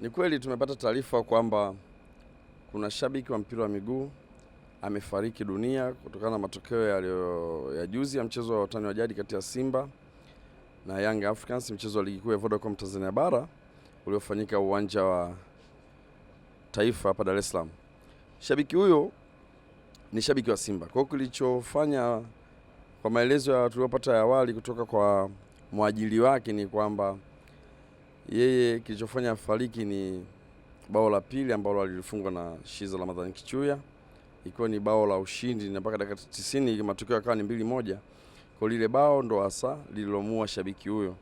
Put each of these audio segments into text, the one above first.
Ni kweli tumepata taarifa kwamba kuna shabiki wa mpira wa miguu amefariki dunia kutokana na matokeo yaliyo ya juzi ya mchezo wa watani wa jadi kati ya Simba na Young Africans, mchezo wa ligi kuu ya Vodacom Tanzania bara uliofanyika uwanja wa Taifa hapa Dar es Salaam. Shabiki huyo ni shabiki wa Simba. Kwa hiyo kilichofanya, kwa maelezo tuliyopata ya awali kutoka kwa mwajili wake, ni kwamba yeye kilichofanya afariki ni bao la pili ambalo alilifungwa na Shiza Ramadhani Kichuya, ikiwa ni bao la ushindi na mpaka dakika 90 matokeo yakawa ni mbili moja. Kwa lile bao ndo hasa lililomua shabiki huyo.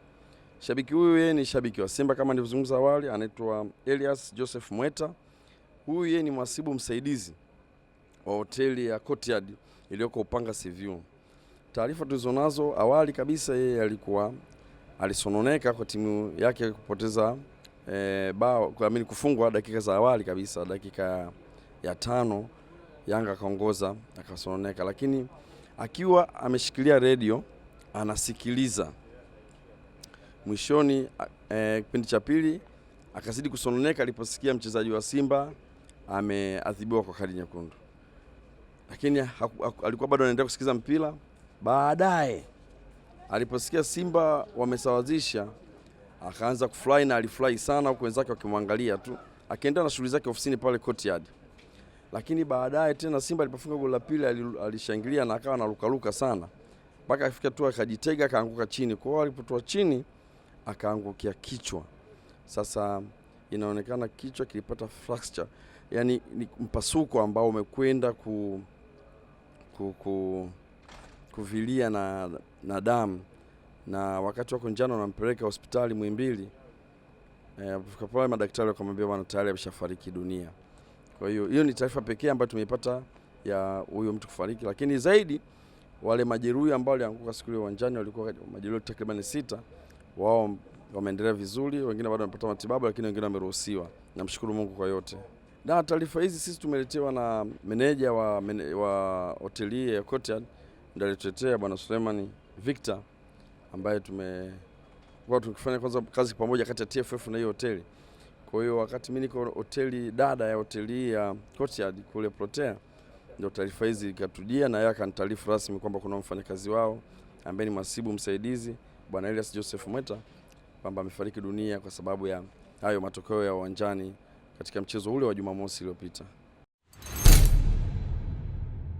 Shabiki huyu yeye ni shabiki wa Simba kama nilivyozungumza awali, anaitwa Elias Joseph Mweta. Huyu yeye ni mwasibu msaidizi wa hoteli ya Courtyard iliyoko Upanga Seviu. Taarifa tulizonazo awali kabisa, yeye alikuwa alisononeka kwa timu yake kupoteza e, bao kuamini kufungwa dakika za awali kabisa, dakika ya tano Yanga akaongoza akasononeka, lakini akiwa ameshikilia redio anasikiliza mwishoni. E, kipindi cha pili akazidi kusononeka aliposikia mchezaji wa Simba ameadhibiwa kwa kadi nyekundu, lakini alikuwa bado anaendelea kusikiliza mpira. Baadaye Aliposikia Simba wamesawazisha akaanza kufurahi na alifurahi sana, huku wenzake wakimwangalia tu, akaendelea na shughuli zake ofisini pale courtyard. Lakini baadaye tena Simba alipofunga goli la pili alishangilia na akawa anarukaruka sana mpaka afika tu akajitega akaanguka chini. Kwa hiyo alipotua chini akaangukia kichwa. Sasa inaonekana kichwa kilipata fracture, yani ni mpasuko ambao umekwenda ku, ku, ku kuvilia na, na damu na wakati wako njano wanampeleka hospitali Muhimbili. Alipofika eh, e, pale madaktari wakamwambia bwana, tayari ameshafariki dunia. Kwa hiyo hiyo ni taarifa pekee ambayo tumeipata ya huyo mtu kufariki, lakini zaidi wale majeruhi ambao walianguka siku ile uwanjani walikuwa majeruhi takriban sita, wao wameendelea vizuri, wengine bado wanapata matibabu, lakini wengine wameruhusiwa. Namshukuru Mungu kwa yote. Na taarifa hizi sisi tumeletewa na meneja wa, wa hoteli ya Courtyard ndio alitetea bwana Suleiman Victor ambaye tumekuwa tukifanya kwanza kazi pamoja kati ya TFF na hiyo hoteli. Kwa hiyo wakati mimi niko hoteli dada ya hoteli ya Courtyard kule Protea, ndio taarifa hizi ikatujia na yeye akanitaarifu rasmi kwamba kuna mfanyakazi wao ambaye ni mhasibu msaidizi bwana Elias Joseph Mweta kwamba amefariki dunia kwa sababu ya hayo matokeo ya uwanjani katika mchezo ule wa Jumamosi iliyopita.